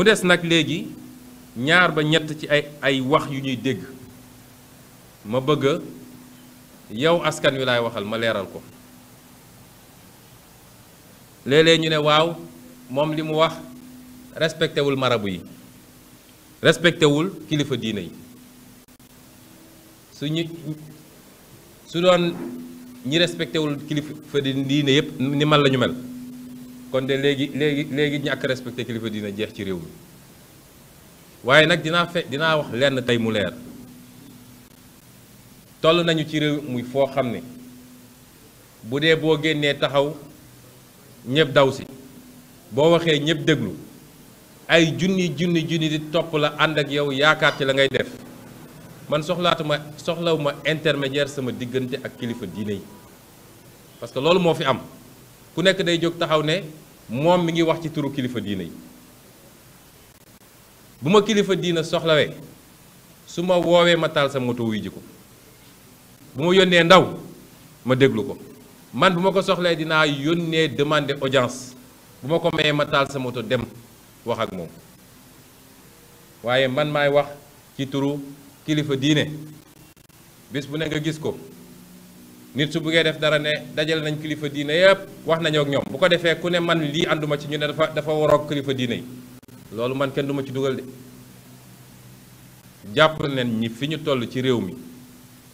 mu des nag léegi ñaar ba ñett ci ay ay wax yu ñuy dégg ma bëgg yow askan wi laay waxal ma leeral ko léeg ñu ne waaw moom li mu wax respecté wul marabu yi respecté wul kilifa diine yi su ñu su doon ñi respecté wul kilifa diine yépp ni man la ñu mel kon de léegi léegi léegi ñàkk respecté kilifa dina jeex ci réew mi waaye nag dinaa fe dinaa wax lenn tey mu leer toll nañu ci réew muy foo xam ne bu dee boo génnee taxaw ñëpp daw si boo waxee ñëpp déglu ay junni junni junni di topp la ànd ak yow yaakaar ci la ngay def man soxlaatuma soxlawuma intermédiaire sama diggante ak kilifa diine yi parce que loolu moo fi am ku nekk day jóg taxaw ne moom mi ngi wax ci turu kilifa diina yi bu ma kilifa diina soxlawe su ma woowee ma taal sa moto wuy ji ko bu ma yónnee ndaw ma déglu ko man bu ma ko soxlee dinaa yónnee demander audience bu ma ko mayee ma taal sa moto dem wax ak moom waaye man maay wax ci turu kilifa diine bis bu ne nga gis ko nit su buggee def dara ne dajale nañ kilifa diine yëpp wax nañook ñoom bu ko defee ku ne man lii ànduma ci ñu ne dafa dafa waroog kilifa diine yi loolu man kenn du ci dugal de jàpp nañ ñi fi ñu toll ci réew mi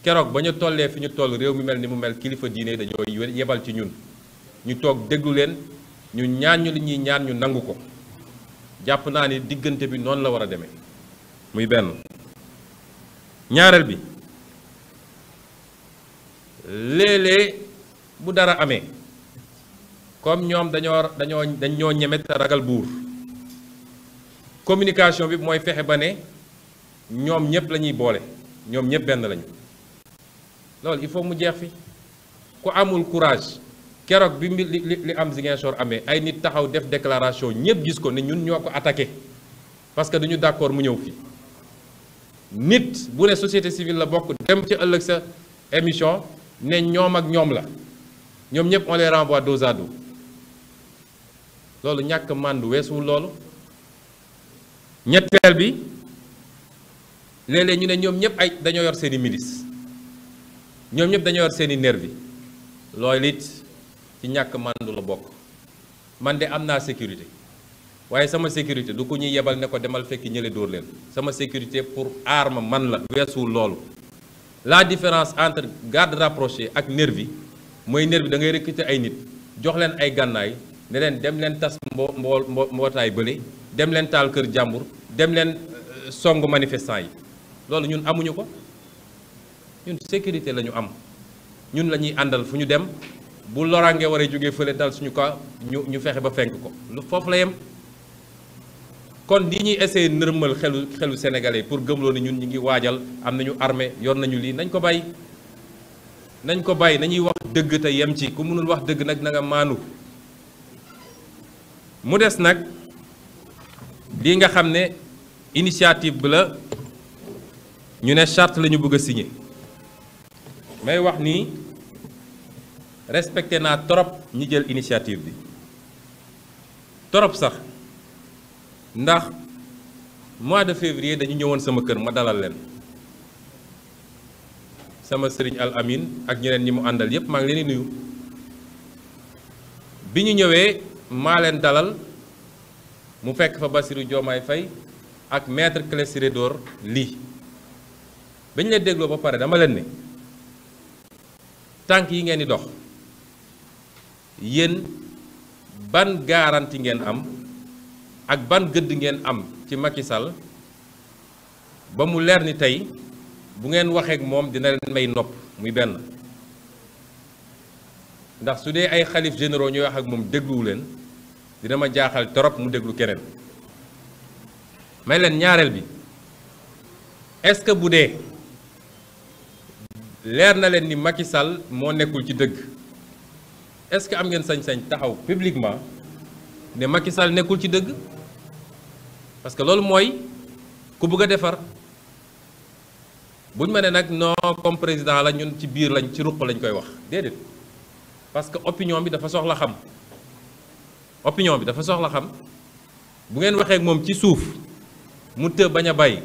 keroog ba ñu tollee fi ñu toll réew mi mel ni mu mel kilifa diine yi dañoo yebal ci ñun ñu toog déglu leen ñu ñaan ñu li ñuy ñaan ñu nangu ko jàpp naa ni diggante bi noonu la war a demee muy benn ñaareel bi léeg-léeg bu dara amee comme ñoom dañoo dañoo dañoo ñemet ragal buur communication bi mooy fexe ba ne ñoom ñëpp lañuy boole ñoom ñëpp benn lañu loolu il faut mu jeex fi ku amul courage keroog bi li li am Ziguinchor amee ay nit taxaw def déclaration ñëpp gis ko ne ñun ñoo ko attaqué parce que duñu d'accord mu ñëw fii nit bu ne société civile la bokk dem ci ëllëg sa émission ne ñoom ak ñoom la ñoom ñëpp on les renvoie dos dos loolu ñàkk màndu weesuwul loolu ñetteel bi léeg-léeg ñu ne ñoom ñëpp ay dañoo yor seeni milice ñoom ñëpp dañoo yor seeni bi loolu it ci ñàkk màndu la bokk man de am naa sécurité waaye sama sécurité du ko ñuy yebal ne ko demal fekk ñële dóor leen sama sécurité pour aar ma man la weesuwul loolu la différence entre garde rapproché ak nervi mooy nervi da ngay recruter ay nit jox leen ay gànnaay ne leen dem leen tas mbo mbool mbootaay bële dem leen taal kër jàmbur dem leen euh, song manifestant yi loolu ñun amuñu ko ñun sécurité la ñu am ñun la ñuy àndal fu ñu dem bu loraange waree jógee fële dal suñu ko ñu ñu fexe ba fenk ko lu foofu la yem kon li ñuy essayer nërmal xelu xelu sénégalais pour gëmloo ne ñun ñu ngi waajal am nañu armée yoon nañu lii nañ ko bàyyi nañ ko bàyyi nañuy wax dëgg te yem ci ku mënul wax dëgg nag na nga maanu mu des nag lii nga xam ne initiative bi la ñu ne chart lañu ñu bëgg a signer may wax nii respecté naa trop ñi jël initiative bi trop sax ndax mois de février dañu ñëwoon sama kër ma dalal leen sama sëriñ al amin ak ñeneen ñi mu àndal yépp maa ngi leen di nuyu bi ñu ñëwee maa leen dalal mu fekk fa Bassirou Diomaye Faye ak maître Ciré Clédor lii ba ñu leen dégloo ba pare dama leen ne tànk yi ngeen di dox yéen ban garantie ngeen am ak ban gëdd ngeen am ci Macky Sall ba mu leer ni tey bu ngeen waxeek moom dina leen may nopp muy benn ndax su dee ay xalif généraux ñuy wax ak moom dégluwu leen dina ma jaaxal trop mu déglu keneen may leen ñaareel bi est-ce que bu dee leer na leen ni Macky Sall moo nekkul ci dëgg est-ce que am ngeen sañ-sañ taxaw publiquement ne Macky Sall nekkul ci dëgg parce que loolu mooy ku bëgg a defar buñ ma ne nag non comme président la ñun ci biir lañ ci ruq lañ koy wax déedéet parce que opinion bi dafa soxla xam opinion bi dafa soxla xam bu ngeen waxee ak moom ci suuf mu të bañ a bàyyi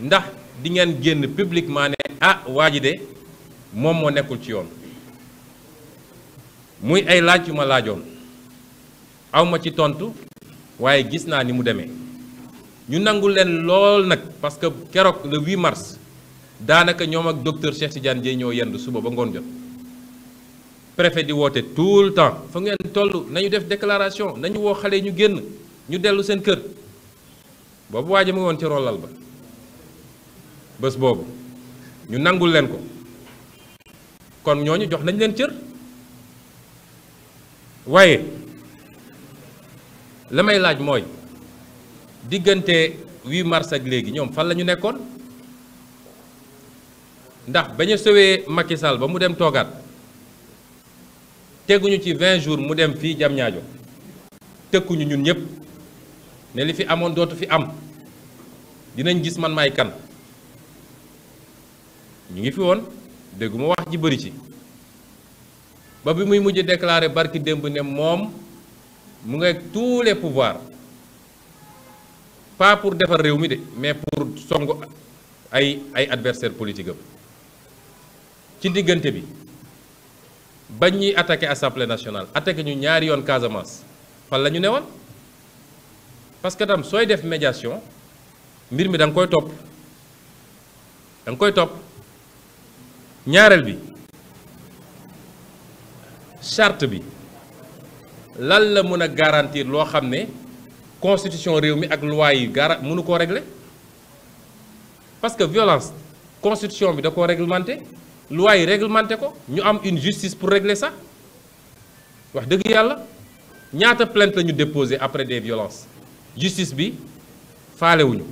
ndax di ngeen génn publiquement ne ah waa ji de moom moo nekkul ci yoon muy ay laaj yu ma laajoon awma ci tontu waaye gis naa ni mu demee. ñu nangu leen lool nag parce que keroog le 8 mars daanaka ñoom ak docteur Cheikh Tidiane jee ñoo yendu suba ba ngoon jot préfet di woote tout le temps fa ngeen toll nañu def déclaration nañu woo xale ñu génn ñu dellu seen kër boobu waaja mu ngi woon ci rolal ba bés boobu ñu nangu leen ko kon ñooñu jox nañ leen cër waaye la may laaj mooy diggante wi mars ak léegi ñoom fan la ñu nekkoon ndax bañ a sewee Macky ba mu dem toogaat teguñu ci 20 jours mu dem fii jam ñaajo tëkkuñu ñun ñëpp ne li fi amoon dootu fi am dinañ gis man maay kan ñu ngi fi woon dégguma wax ji bari ci ba bi muy mujj déclaré barki démb ne moom mu ngi tous les pouvoirs pas pour defar réew mi de mais pour song ay ay adversaire politique ci diggante bi bañ ñuy attaque assemblée nationale attaqué ñu ñaari yoon Casamance fan la ñu newoon parce que tam sooy def médiation mbir mi danga koy topp da nga koy topp ñaareel bi charte bi lan la mën a garantir loo xam ne. constitution réew mi ak loi yi gara mënu koo régle parce que violence constitution bi da koo réglementé loi yi réglementé ko ñu am une justice pour régler sax wax dëgg yàlla ñaata plainte la ñu déposé après des violences justice bi faalewuñu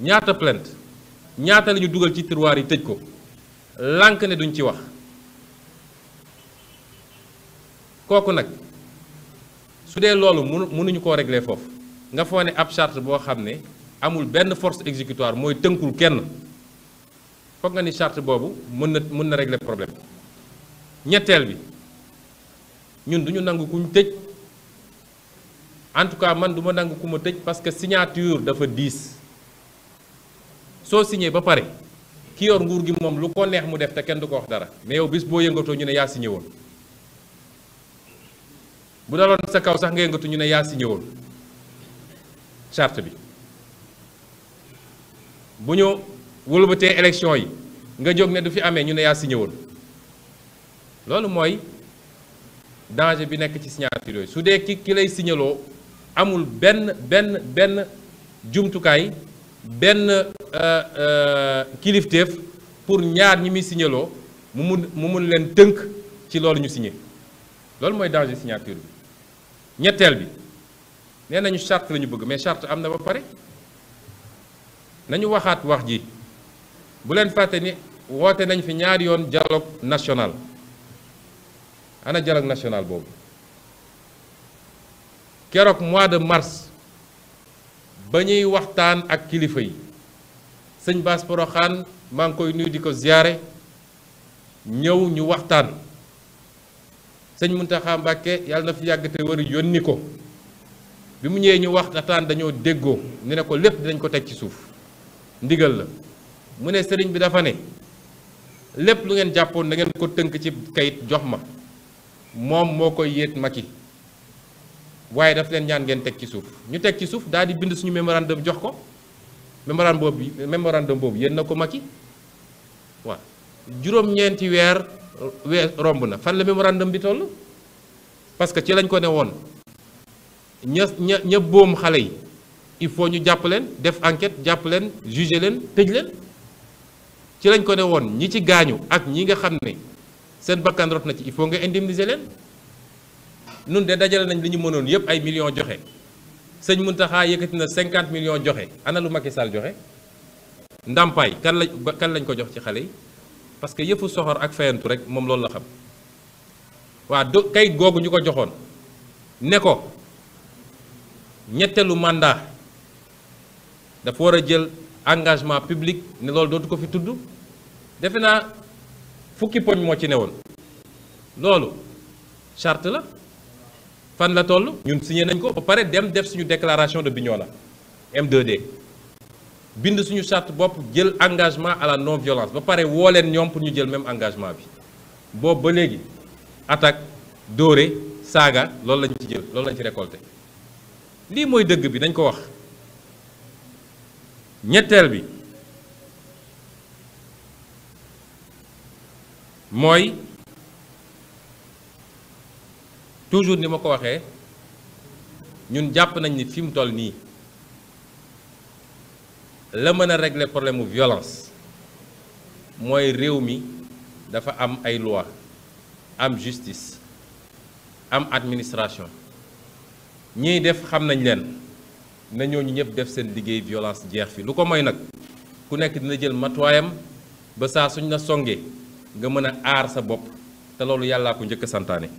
ñaata plainte ñaata lañu dugal ci tiroir yi tëj ko lànk ne duñ ci wax kooku nag su dee loolu mënu mënuñu koo régler foofu nga foo ne ab charte boo xam ne amul benn force exécutoire mooy tënkul kenn foog nga ni charte boobu mën na mën na régler problème ñetteel bi ñun duñu ñu nangu kuñ tëj en tout cas man duma ma nangu ku ma tëj parce que signature dafa diis soo signé ba pare ki yor nguur gi moom lu ko neex mu def te kenn du ko wax dara mais yow bis boo yëngatoo ñu ne yaa signé woon bu daloon sa kaw sax nga yëngatu ñu ne yaa signé woon charte bi bu ñu wëlbatee élection yi nga jóg ne du fi amee ñu ne yaa signé woon loolu mooy danger bi nekk ci signature su dee ki ki lay signaloo amul benn benn benn jumtukaay benn euh, euh, kilifteef pour ñaar ñi muy signaloo mu mun mu mun leen tënk ci loolu ñu signé loolu mooy danger signature bi ñetteel bi nee nañu charte lañu bëgg mais charte am na ba pare nañu waxaat wax ji bu leen fàtte ni woote nañ fi ñaari yoon dialogue national ana dialogue national boobu keroog mois de mars ba ñuy waxtaan ak kilifa yi sëñ Bass Porokhane maa ngi koy nuyu di ko ziyaare ñëw ñu waxtaan sëñ Muntaxa Mbàkke yàlla na fi yàgg te wër yónni ko bi mu ñëwee ñu wax nataan dañoo déggoo ne ne ko lépp dinañ ko teg ci suuf ndigal la mu ne sëriñ bi dafa ne lépp lu ngeen jàppoon da ngeen ko tënk ci kayit jox ma moom moo ko yéet Macky waaye daf leen ñaan ngeen teg ci suuf ñu teg ci suuf daal di bind suñu mémorandum jox ko mémorandum boobu mémorandum boobu yéen ko Macky waaw juróom-ñeenti weer wee romb na fan la mémorandum bi toll parce que ci lañ ko ne woon ña ña ña boom xale yi il faut ñu jàpp leen def enquête jàpp leen juger leen tëj leen ci lañ ko ne woon ñi ci gaañu ak ñi nga xam ne seen bakkan rot na ci il faut nga indemniser leen nun de dajale nañ li ñu mënoon yépp ay millions joxe sëñ taxaa yëkkati na 50 million joxe ana lu Macky Sall joxe ndàmpaay kan kan lañ ko jox ci xale yi parce que yëfu soxor ak fayantu rek moom loolu la xam waa do kayit googu ñu ko joxoon ne ko ñetteelu mandat dafa war a jël engagement public ne loolu dootu ko fi tudd defe naa fukki poñ moo ci ne woon loolu chart la fan la toll ñun signé nañ ko ba pare dem def suñu déclaration de Bignona M2D bind suñu charte bopp jël engagement à la non violence ba pare woo leen ñoom pour ñu jël même engagement bi boobu ba léegi attaque dóore saaga loolu lañ ci jël loolu lañ ci récolté lii mooy dëgg bi dañ ko wax ñetteel bi mooy toujours ni ma ko waxee ñun jàpp nañ ni fi mu toll nii la mën a régler problème mu violence mooy réew mi dafa am ay loi am justice am administration ñiy def xam nañ leen na ñooñu ñëpp def seen liggéey violence jeex fii lu ko moy nag ku nekk dina jël matuwaayam ba saa suñ la songee nga mën a aar sa bopp te loolu yàllaa ko njëkk santaane